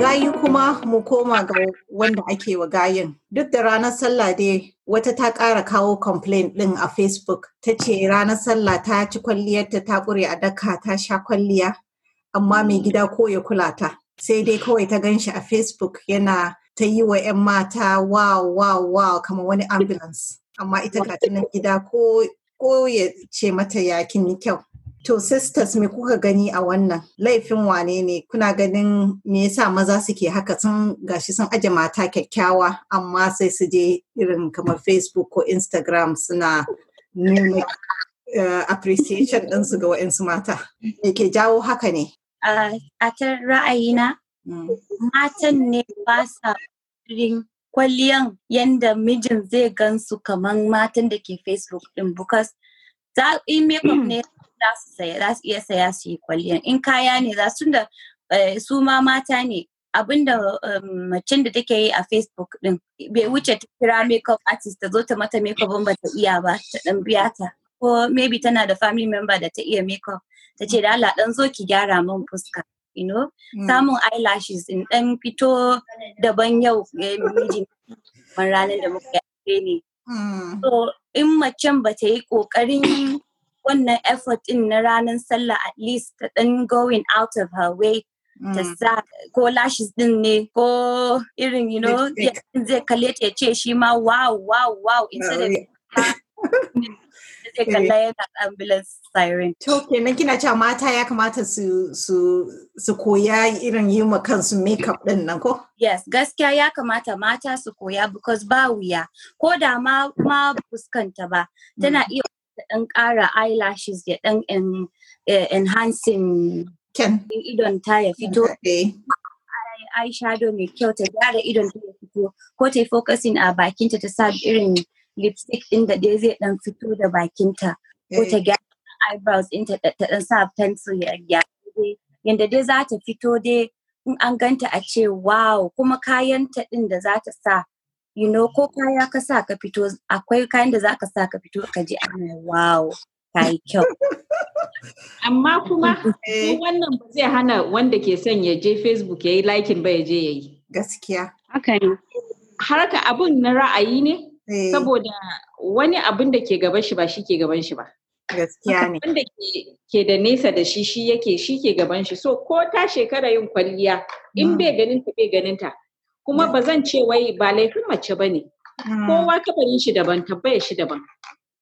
gayi kuma mu koma ga wanda ake wa gayin. Duk da ranar sallah dai wata ta ƙara kawo complaint ɗin a Facebook ta ce ranar sallah ta ci kwalliyarta ta ƙure a daka ta sha kwalliya amma mai gida ko ya kula ta. Sai dai kawai ta gan shi a Facebook yana ta yi wa 'yan mata wow wow wow kamar wani ambulance. Amma ita ga gida ko ya ce mata yakin kyau. To sisters me kuka gani a wannan laifin wane ne kuna ganin me yasa maza suke haka sun gashi sun aje mata kyakkyawa amma sai su je irin kamar Facebook ko Instagram suna nuna uh, appreciation su ga wa'insu mata. Me ke jawo haka ne? a ta ra'ayina mm. matan ne ba sa kwalliyan yanda mijin zai gan su kamar matan da ke Facebook ɗin because za in ne za su saya za su iya saya su yi kwalliya in kaya ne za su da eh, su ma mata ne abin da um, macen da take yi a facebook din bai mm. wuce ta kira makeup artist ta zo ta mata makeup ba ta iya ba ta dan biya ta ko maybe tana da family member da ta iya makeup ta ce da Allah dan zo ki gyara min fuska you know mm. samun eyelashes in dan fito daban yau eh, miji ranar da muka yi ne mm. so in macen ba ta yi kokarin wannan effort din na ranar sallah at least ta ɗan going out of her way ta mm. sa ko lashes din ne ko irin you know zai kalle ta ce shi ma wow wow wow instead of zai kalla eh. yana ambulance siren. To kenan kina cewa mata ya kamata su su su koya irin yi ma kansu makeup din nan ko? Yes, gaskiya ya kamata mata su koya because ba wuya. Ko da ma ma fuskanta ba tana mm. iya ɗan ƙara eyelashes ya ɗan enhancing idon ta ya fito ai shadow mai kyau ta gyara idon ta ya fito ko ta yi focusing a bakinta ta sa irin lipstick ɗin da dai zai ɗan fito da bakinta ko ta eh. gyara eyebrows ɗinta ta ɗan sa pencil ya gyara yadda dai za ta fito dai in an ganta a ce wow kuma kayanta ɗin da za ta sa you know ko kaya ka sa ka fito akwai kayan da za ka sa ka fito ka ji ana wow ka yi kyau amma kuma eh. wannan ba zai hana wanda ke son ya je facebook ya yi likin ba ya je ya yi gaskiya haka ne harka abun na ra'ayi ne eh. saboda wani abun da ke gaban shi ba shi ke gaban shi ba gaskiya ne wanda ke da nesa da shi shi yake shi ke gaban shi so ko ta shekara yin kwalliya in mm. bai ganin ta bai ganin ta kuma mm. ba zan ce wai ba laifin mace ba ne mm. kowa kabarin shi daban tabbayar shi daban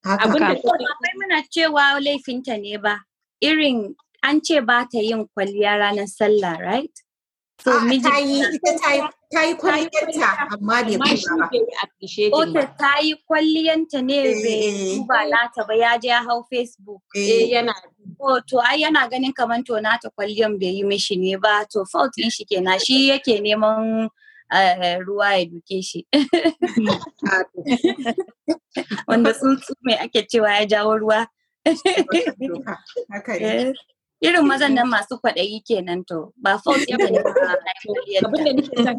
abin da akwai muna cewa laifinta ne ba irin an ce ba ta yin kwalliya ranar sallah right so miji ita ta yi kwalliyarta amma bai ba ko ta yi kwalliyanta ne bai eh. duba nata ba ya je ya hau facebook eh, eh yana ko to ai yana ganin kamar to nata kwalliyan bai yi mishi ne ba to fault din shi kenan shi yake neman Eh, ruwa ya duke shi wanda tsuntsu mai ake cewa ya jawo ruwa eh, irin mazan nan masu kwaɗayi kenan to ba fault ya bane ba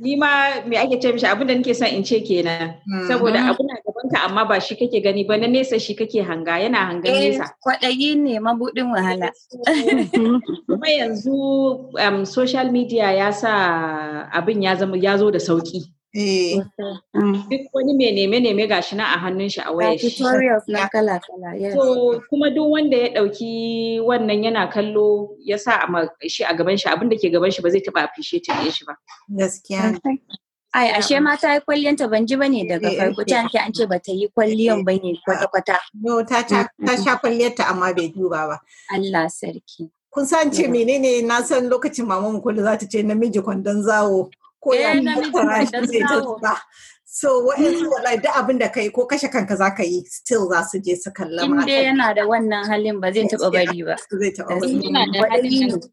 ni ma me ake ce mishi abin da nake son in ce kenan mm-hmm. saboda abin da gaban ka amma ba shi kake gani ba na nesa shi kake hanga yana hanga eh, nesa kwaɗayi ne mabudin wahala kuma yanzu um, social media ya sa abin ya ya zo da sauki Eh. Mm. Duk wani mai neme-neme gashi na a hannun shi a wayar shi. tutorials na kala-kala, yes. So, kuma duk wanda ya ɗauki wannan yana kallo ya sa shi a gaban shi abinda ke gaban shi ba zai taɓa appreciate ɗin shi ba. Gaskiya. Ai, ashe ma ta yi ta ban ji ne daga eh, farko ta ce eh. an ce bata yi kwalliyan ba ne ah. kwata-kwata. No, ta sha ta amma bai duba ba. Allah sarki. Kun san ce menene na san lokacin mamamu kullu za ta ce namiji kwandon zawo. ko ya eh, fara shi zai ta so wa'yansu wallahi duk abin da kai ko kashe kanka za ka yi still za su je su kalla ma Inde yana da wannan halin ba zai taɓa bari ba zai bari yana da halin mm.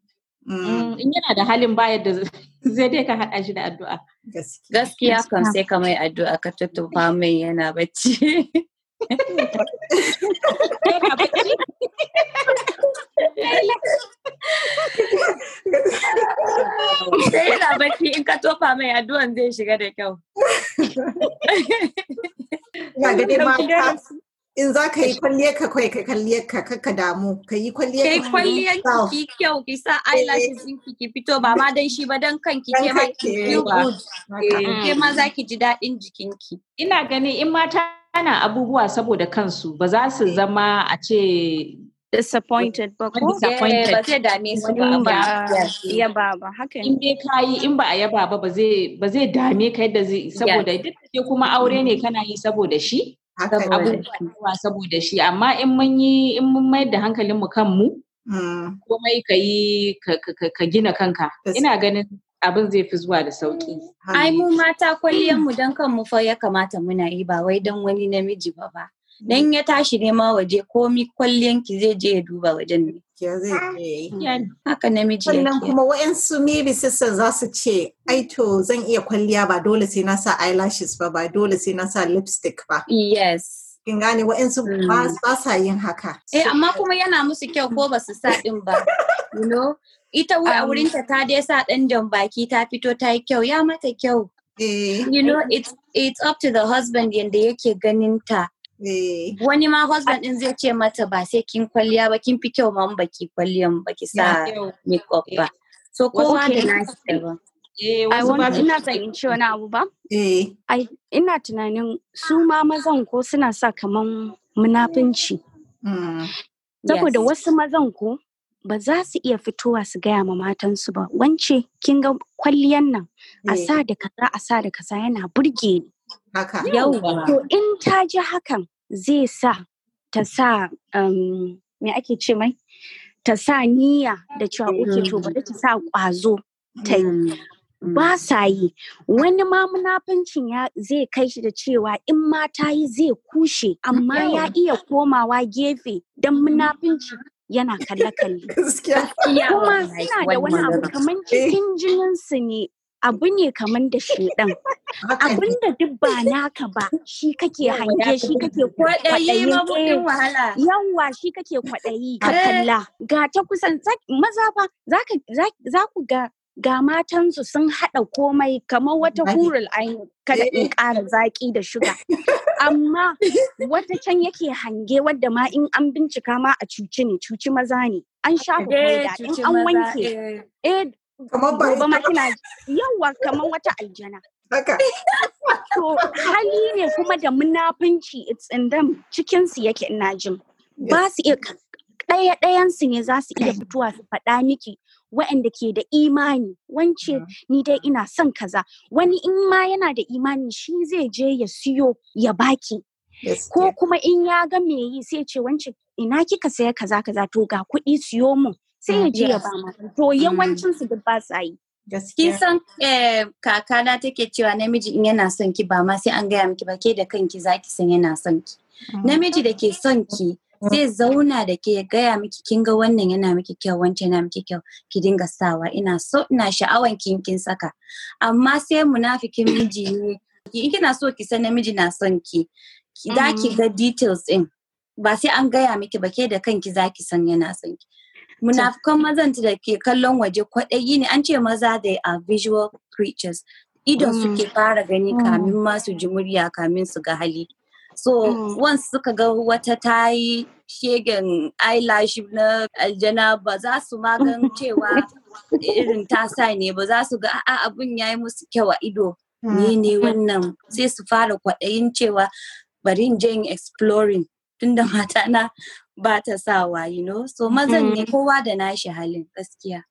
Mm, in yana da halin ba yadda zai dai ka haɗa shi da addu'a gaskiya kan sai ka mai addu'a ka tuttufa mai yana bacci Sai Yana bacci in ka tofa mai addu'an zai shiga da kyau. gani ma in za ka yi kwalliyar ka kai ka kwalliyar ka ka damu ka yi kwalliyar ka kwalliyar ki kyau ki sa eh. eyelashes din ki fito ba ma dan shi ba dan kanki ke ma ki eh, mm. ke ma za ki ji daɗin jikinki ina ganin in mata ana abubuwa saboda kansu ba za su eh. zama a ce disappointed ba ko disappointed ba zai dame su ba ba yaba ba haka in dai kayi in ba a yaba ba ba zai dame ka yadda zai saboda duk kuma aure ne mm. kana yi saboda shi abubuwa saboda shi amma in mun yi in mun mayar da hankalin mu kan mu mm. komai ka yi ka gina kanka ina ganin abin zai fi zuwa da sauki ai mu mata kwalliyar mu dan kanmu fa ya kamata muna yi ba wai dan wani namiji ba ba dan ya tashi nema waje komi kwalliyan ki zai je ya duba wajen ne zai haka namiji yake sannan kuma wayansu maybe sisters za su ce ai to zan iya kwalliya ba dole sai na sa eyelashes ba ba dole sai na sa lipstick ba yes kin gane wa'insu mm. ba sa yin haka. Eh amma kuma yana musu kyau ko ba su sa ɗin ba. You know? Ita a um, wurinta ta dai sa ɗan jan baki ta fito ta yi kyau ya mata kyau. Eh. You know it's it's up to the husband yanda yake ganin ta. Eh. Wani ma husband din zai ce mata ba sai kin kwalliya ba kin fi kyau ma baki kwalliyan baki sa makeup ba. So kowa da nashi daban. Eh, I want ina son in ce wani abu ba? Eh. ina tunanin su ma mazan ko suna sa kaman munafunci. Hmm. Saboda wasu mazan ko ba za su iya fitowa su gaya ma matansu ba. Wance kin ga kwalliyan nan a eh. sa da kaza a sa da kaza yana burge ni. Haka. Yau to in ta ji hakan zai sa ta sa um, me ake ce mai ta sa niyya da cewa mm. oke to bari ta sa kwazo ta yi mm. Mm. ba sa yi wani ma munafincin ya zai kai shi da cewa in ma ta yi zai kushe amma ya iya komawa gefe don munafinci yana kalle-kalle kuma suna da wani abu kamar eh. cikin jininsu ne abu ne kamar da shedan abin da duk ba naka ba shi kake hange shi kake kwaɗayi eh, yawa shi kake kwaɗayi ka eh. kalla ga ta kusan maza ba za ku ga ga matansu sun haɗa komai kamar wata hurul ainihi, kada in eh. ƙara zaƙi da shuga amma wata can yake hange wadda ma in an bincika ma a cuci ne cuci maza ne an sha hoda in an wanke kamar ba gobe ma yawa kamar wata aljana haka to hali ne kuma da munafunci it's in them cikin su yake ina jin ba su iya ɗaya ɗayan su ne za su iya fitowa su faɗa miki waɗanda ke da imani wance mm. ni dai ina son kaza wani in ma yana da imani shi zai je ya siyo ya baki ko kuma in ya ga me yi sai ce wance ina kika saya kaza kaza to ga kuɗi siyo mun sai ya ji ya ba ma to yawancin su duk ba sa yi kin san eh, kakana take cewa namiji in yana son ki ba ma sai an gaya miki ba ke da kanki zaki san yana son ki mm. namiji da ke son ki zai zauna da ke gaya miki kin ga wannan yana miki kyau wancan yana miki kyau ki dinga sawa ina so ina sha'awan kin kin saka amma sai munafikin miji ne in kina so ki san namiji na son ki za ki mm. ga details din ba sai an gaya miki ba ke da kanki za ki san yana son ki munafukan mazan da ke kallon waje kwaɗayi ne an ce maza they a visual creatures idon mm. suke fara gani mm. kamin masu ji murya kamin su ga hali so mm. once suka ga wata ta yi shegen eyelash na aljana ba za su magan cewa irin tasa ne ba za su ga a abin ya yi musu kyau a ido ne ne wannan sai su fara kwaɗayin cewa bari in exploring tunda mata na ba ta sawa you know so mazan ne mm-hmm. kowa da nashi halin gaskiya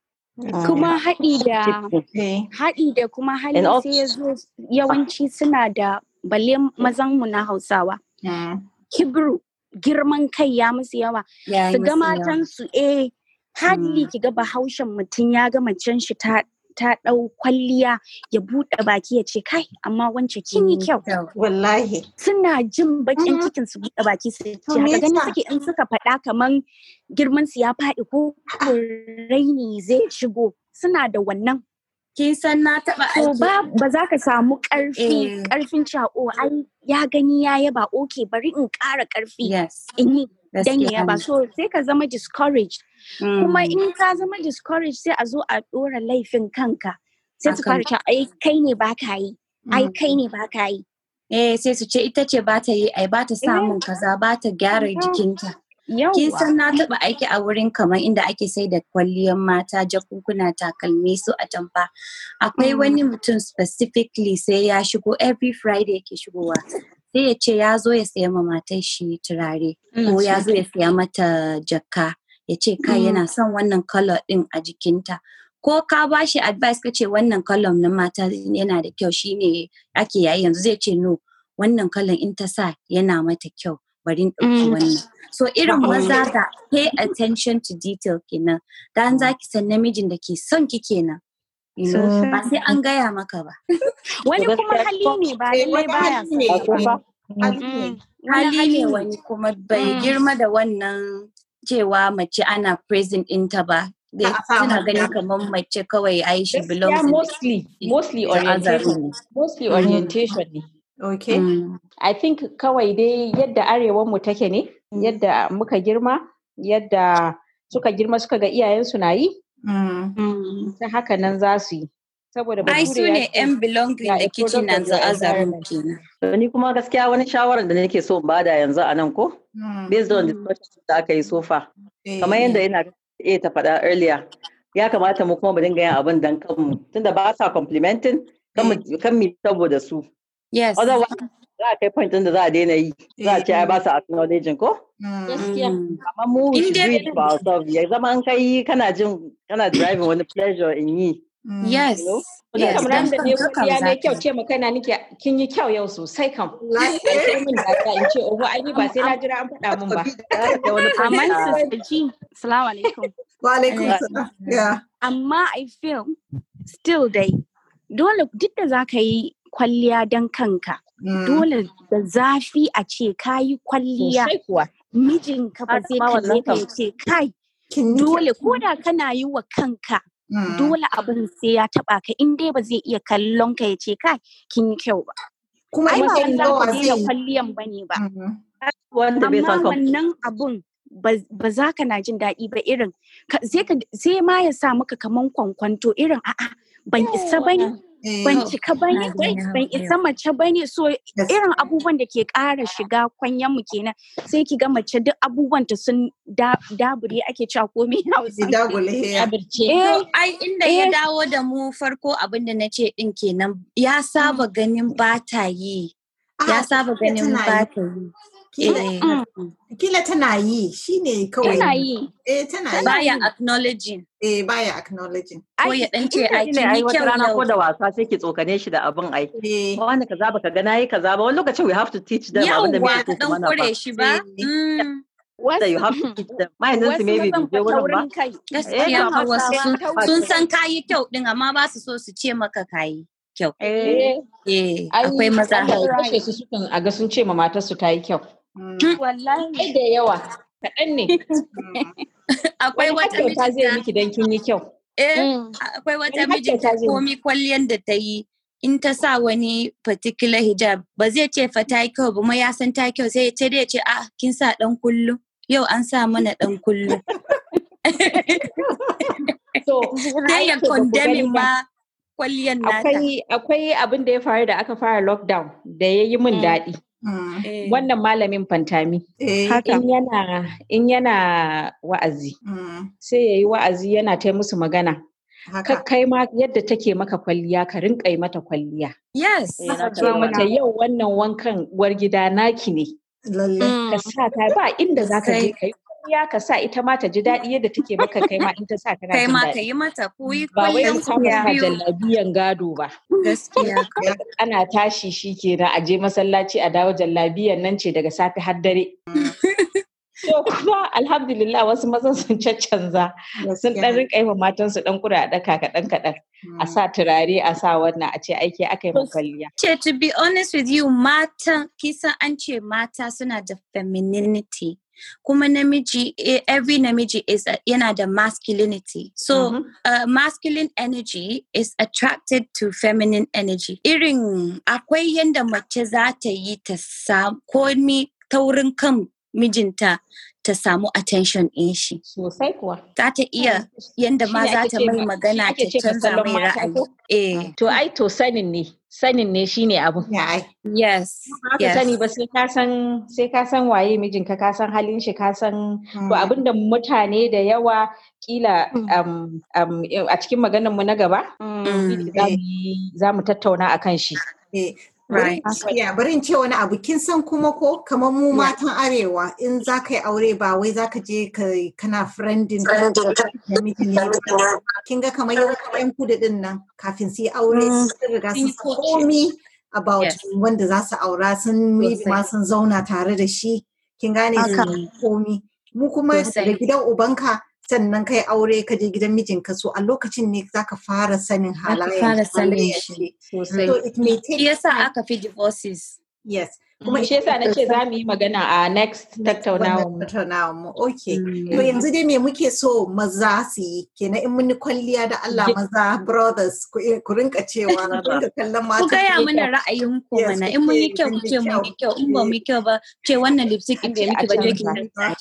kuma haɗi da haɗi da kuma halin sai ya zo yawanci suna da balle mazanmu na hausawa mm. kibru girman kai ya musu yawa su ga matansu eh hali mm. ki ga bahaushen mutum ya gama macen shi ta ta ɗau kwalliya ya buɗe baki ya ce kai amma wance kin yi mm, kyau wallahi suna jin bakin mm-hmm. cikin su buɗe baki su ce haka ganin suke in suka faɗa kaman girman su ya faɗi ko raini zai shigo suna da wannan kin san na taba aiki ba ba za ka samu ƙarfi, karfin eh. cewa oh, ai ya gani ya yaba okay bari in ƙara karfi in dan ya ba so sai ka zama discouraged kuma mm. in ka zama discouraged sai a zo a dora laifin kanka sai su fara cewa ai kai ne ba ka yi ai mm. kai ne ba ka yi eh sai su ce ita ce ba ta yi ai ba ta samun eh, kaza ba ta gyara jikinta kin san na taba aiki a wurin kamar inda ake sai da kwalliyar mata jakunkuna takalmi su a tamfa akwai mm. wani mutum specifically sai ya shigo every friday ke shigowa sai ya ce ya zo ya saya ma matar shi turare ko ya zo ya saya mata jaka ya ce ka mm. yana son wannan kalo din a jikinta ko ka ba shi advice ka ce wannan kalon na mata yana da kyau shine ake yayi yanzu zai ce no wannan kalon in ta sa yana mata kyau bari in ɗauki mm. wannan so irin maza ka pay attention to detail kenan dan mm. zaki san namijin da ke son ki kenan ba sai an gaya maka ba wani kuma hali ne ba eh, lallai baya hali ne wani kuma bai mm. girma da wannan cewa mace ana present ɗinta ba suna ganin kamar mace kawai ai she belongs mostly mostly orientation mostly mm. orientation ne okay mm. i think kawai dai yadda arewan mu take ne yadda muka girma yadda suka girma suka ga iyayensu na yi Mm. Mm, ta haka nan za su yi saboda ba su ne yan belonging da kitchen and the other kenan ni kuma gaskiya wani shawarar da nake so bada yanzu a nan ko mm. based on discussion da aka yi sofa eh. kamar yadda yana iya ta faɗa earlier ya kamata mu kuma mu dinga yin abin dan kanmu tunda ba sa complimenting kan mu eh. saboda su yes otherwise za a kai point da za a daina yi za a ce ai eh, eh. ba su acknowledging ko mm. amma mu read about ourselves ya zama an kai kana jin kana driving wani pleasure in yi mm. yes Kuna kamar da ne Ya ne kyau ce maka na nake kin yi kyau yau sosai kam. Sai min da ka in ce oho ai ba sai na jira an faɗa min ba. Amma sassaji. Salamu alaikum. Wa alaikum salam. Amma I feel still dai dole duk da za ka yi kwalliya don kanka. Mm. dole da zafi a ce kayi kwalliya mijinka ba zai kalle ka ce kai dole ko da kana yi wa kanka mm. dole abin sai ya taba ka in dai ba zai iya kallon ka ya ce kai kin yi kyau ba kuma ai ba zai zai kwalliyan bane ba mm-hmm. wanda bai san wannan abun ba za ka na jin daɗi ba irin sai ma ya sa maka kaman kwankwanto irin a'a ban isa bane Kwancika eh, ba ne, ban isa mace ba so irin abubuwan da ke kara shiga kwanyen mu kenan sai ki ga mace duk abubuwan ta sun dabure ake cewa komai na wuce. Dagule eh, Ai inda ya eh. dawo da mu farko abin da na ce ɗin kenan ya mm. saba ganin ba ta yi. Ya ah, saba ganin ba ta yi. Mm, mm. Kila tana yi shi ne kawai. Tana yi. Eh tana yi. Baya acknowledging. Eh baya acknowledging. Ko ya dan ce ai ne yi kyau rana ko da wasa sai ki tsokane shi da abin ai. Eh. Wani kaza baka ga nayi kaza ba wani lokacin we have to teach them abin da muke so ba. shi ba. Eh. Mm. Wasu you have to teach them. maybe ba. Gaskiya eh, wasu sun san kayi kyau din amma ba su so su ce maka kayi. kyau. Eh, akwai maza. a ga sun ce ma matar su ta yi kyau. Mm. Wallahi. da yawa. Kaɗan ne. Mm. Akwai wata mijinta. zai miki don kin yi kyau. Eh, mm. akwai wata mijinta komi kwalliyan da ta yi. In ta sa wani particular hijab, ba zai ce fa ta kyau ba, ma ya san ta kyau sai ce dai ce a kin sa dan kullum. Yau an sa mana dan kullum. So, ya kondemin ma kwalliyan nata. Akwai abin da ya faru da aka fara lockdown da ya yi min daɗi. Mm. Eh. Wannan malamin fantami. Eh. In yana wa'azi. Mm. Sai ya yi wa'azi yana ta musu magana. Kai ma yadda take maka kwalliya ka yi mata kwalliya. Yes. Eh, mata yau wannan wankan wargida naki ne. Lalle. Ka sa ta ba inda za ka je ka yi kwalliya ka sa ita ma ta ji daɗi yadda take maka kai ma in ta sa kana kai ma ka yi mata ko yi ku ba jallabiyan gado ba gaskiya ana tashi shikenan a je masallaci a dawo jallabiyan nan ce daga safe har dare So kuma alhamdulillah wasu mazan sun caccanza sun dan rinka yi matansu dan kura da kaɗan kaɗan a hmm. sa turare a sa wannan a ce aiki aka yi makalliya to be honest with you matan kisan an ce mata suna da femininity kuma namiji every namiji is a, yana da masculinity so mm-hmm. uh, masculine energy is attracted to feminine energy irin akwai yanda mace za ta yi ta samu ko taurin kan mijinta ta samu attention ɗin shi. Sosai kuwa. Za ta iya yadda ma za ta mai magana ta canza mai ra'ayi. Eh. To ai to sanin ne. Sanin ne ne abun. Yes. Ba sani ba sai ka san sai ka san waye mijinka ka san halin shi ka san hmm. to abinda mutane da yawa kila hmm. a cikin maganar mu na gaba hmm. za mu tattauna akan shi. Eh. Right. Yeah, ce wani abu kin san kuma ko kamar mu matan arewa in za ka yi aure ba wai za ka je ka kana friendin kin ga kamar yau yan kudu din nan kafin su yi aure mm. sun riga sun about wanda za su aura sun ma sun zauna tare da shi kin gane komi mu kuma da gidan ubanka sannan kai aure ka je gidan mijinka so a lokacin ne zaka fara sanin halayen fara sanin shi sosai shi yasa aka fi divorces yes mm. kuma shi yasa na ce za mu yi magana a next tattaunawa mu tattaunawa okay mm. to yanzu dai me muke so maza su yi kenan in muni kwalliya da Allah maza brothers ku rinka cewa ku rinka kallon mata ku gaya mana ra'ayin ku mana in muni kyau muke ce mun yi kyau in ba mu yi kyau ba ce wannan lipstick din bai miki ba je ki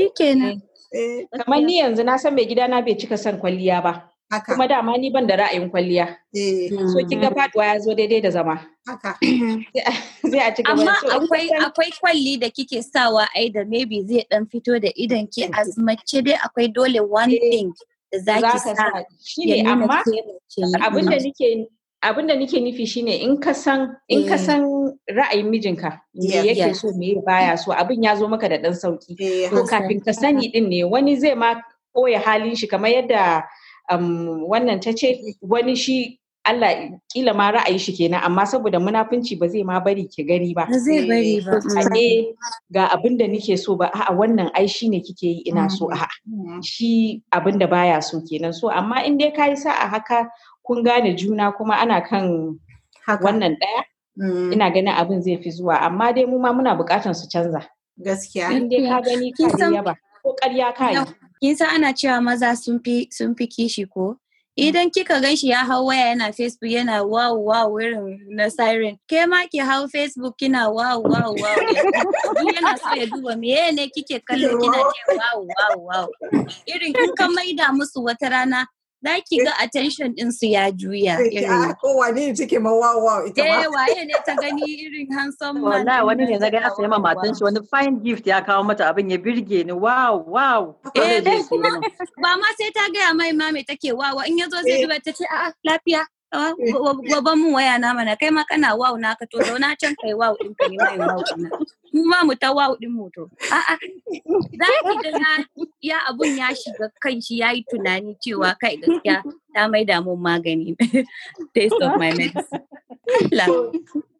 shikenan Eh, kamar ni yanzu na san mai gida na bai cika son kwalliya ba. Kuma dama ni ban da ra'ayin kwalliya. Eh. So kin ga faduwa ya zo daidai da zama. Zai a ci Amma akwai kwalli da kike sawa ai da maybe zai dan fito da idan ki eh. azmace dai akwai dole one thing da zaki sa. Shi ne amma abin da nike abin da nike nufi shine in ka san in ka eh. san ra'ayin mijinka me yake so me baya so abin ya zo maka da dan sauki eh, to kafin ka sani din ne wani zai ma koya halin shi kamar yadda um, wannan ta ce wani shi Allah kila ma ra'ayi shi kenan amma saboda munafunci ba zai ma bari ki gani ba zai bari eh, ba ne ga abin da nike so ba a wannan ai shi ne kike yi ina so mm. a mm. shi abin da baya so kenan so amma in dai kayi sa'a haka kun gane juna kuma ana kan wannan ɗaya mm. ina ganin abin zai fi zuwa amma dai mu ma muna buƙatar su canza gaskiya in dai ka gani ka yaba ko ƙarya ka yi kin san ana cewa maza sun fi sun fi kishi ko idan kika gan shi ya hau waya yana facebook yana wow wow irin na siren ke ma ki hau facebook kina wow wow wow yana so ya duba me ne kike kallo kina ce wow wow wow irin kin kan maida musu wata rana za ki ga attention din su ya juya ah, irin kowa ne take ma wow wow ita ma eh waye ne ta gani irin handsome ma. Wala wani ne na ga ya ma matan shi wani fine gift ya kawo mata abin ya birge ni wow wow eh ba ma sai ta gaya mai ma me take wow in yazo zai eh. duba ta ce a'a ah, lafiya gobe eh. mun waya na mana kai ma kana wow na ka to zauna can kai wow in ka ne mai wow mu ma mu tawa din mu to a'a za ki ga ya abun ya shiga kan shi yayi tunani cewa kai gaskiya ta mai da mun magani taste of my medicine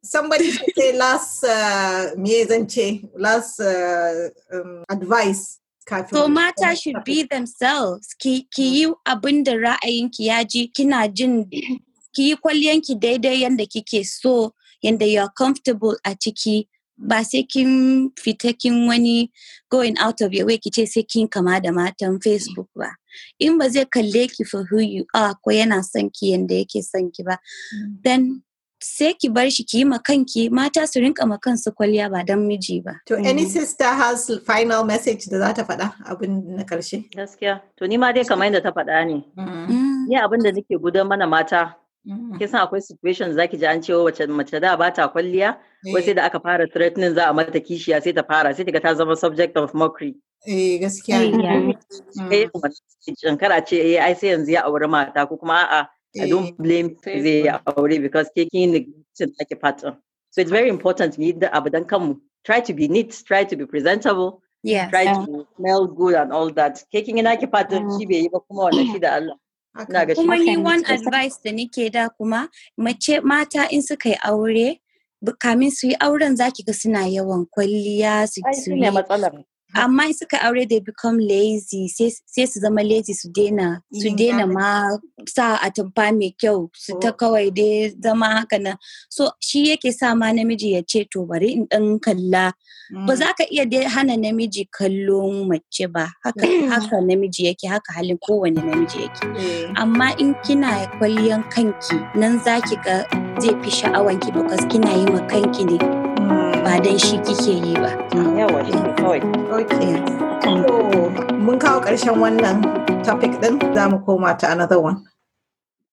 somebody should say last uh, me zance last uh, um, advice So mata should be themselves. Ki ki yi abin da ra'ayinki ya ji kina jin ki yi kwalliyanki daidai yadda kike so yadda you are comfortable a ciki ba sai kin fita kin wani going out of your way ki ce sai kin kama da matan facebook ba in ba zai kalle ki for who you are ko yana son ki yanda yake son ki ba mm. then sai ki bar shi ki yi ki mata su rinka su kwalliya ba don miji ba. To any mm. sister has final message da za ta faɗa abin na karshe. Gaskiya. To ni ma dai kamar yadda ta faɗa ne. Mm. Ni abin da nake gudan mana mata Mm. Kin san akwai situations zaki ji an ce wace mace da ba ta kwalliya ko sai eh. da aka fara threatening za a mata kishiya sai ta fara sai ta zama subject of mockery. Eh gaskiya. Eh mm. kara ce eh ai sai yanzu ya aure mata ko kuma a'a I don't eh. blame zai ya aure because taking the like pattern. So it's very important mu yi da abu dan kanmu. Try to be neat, try to be presentable. Yes. Try to smell good and all that. Kekin yana ki pattern mm. shi bai yi ba kuma wannan shi da Allah. kuma ni one advice da nake da kuma mace mata in suka yi aure kamin su yi auren zaki ga suna yawan kwalliya su yi amma suka aure da become lazy sai su zama lazy su daina su daina ma sa atamfa mai kyau su ta oh. kawai dai zama haka na so shi yake sa ma namiji ya ce to bari in dan kalla ba mm. za ka iya dai hana namiji kallon mace ba haka haka namiji yake haka halin kowane namiji yake eh. amma in kina kwalliyan kanki nan zaki ga zai fi sha'awanki because kina yi ma kanki ne ba dan shi kike yi ba yawa kawai okay mun kawo ƙarshen wannan topic din za mu koma ta another one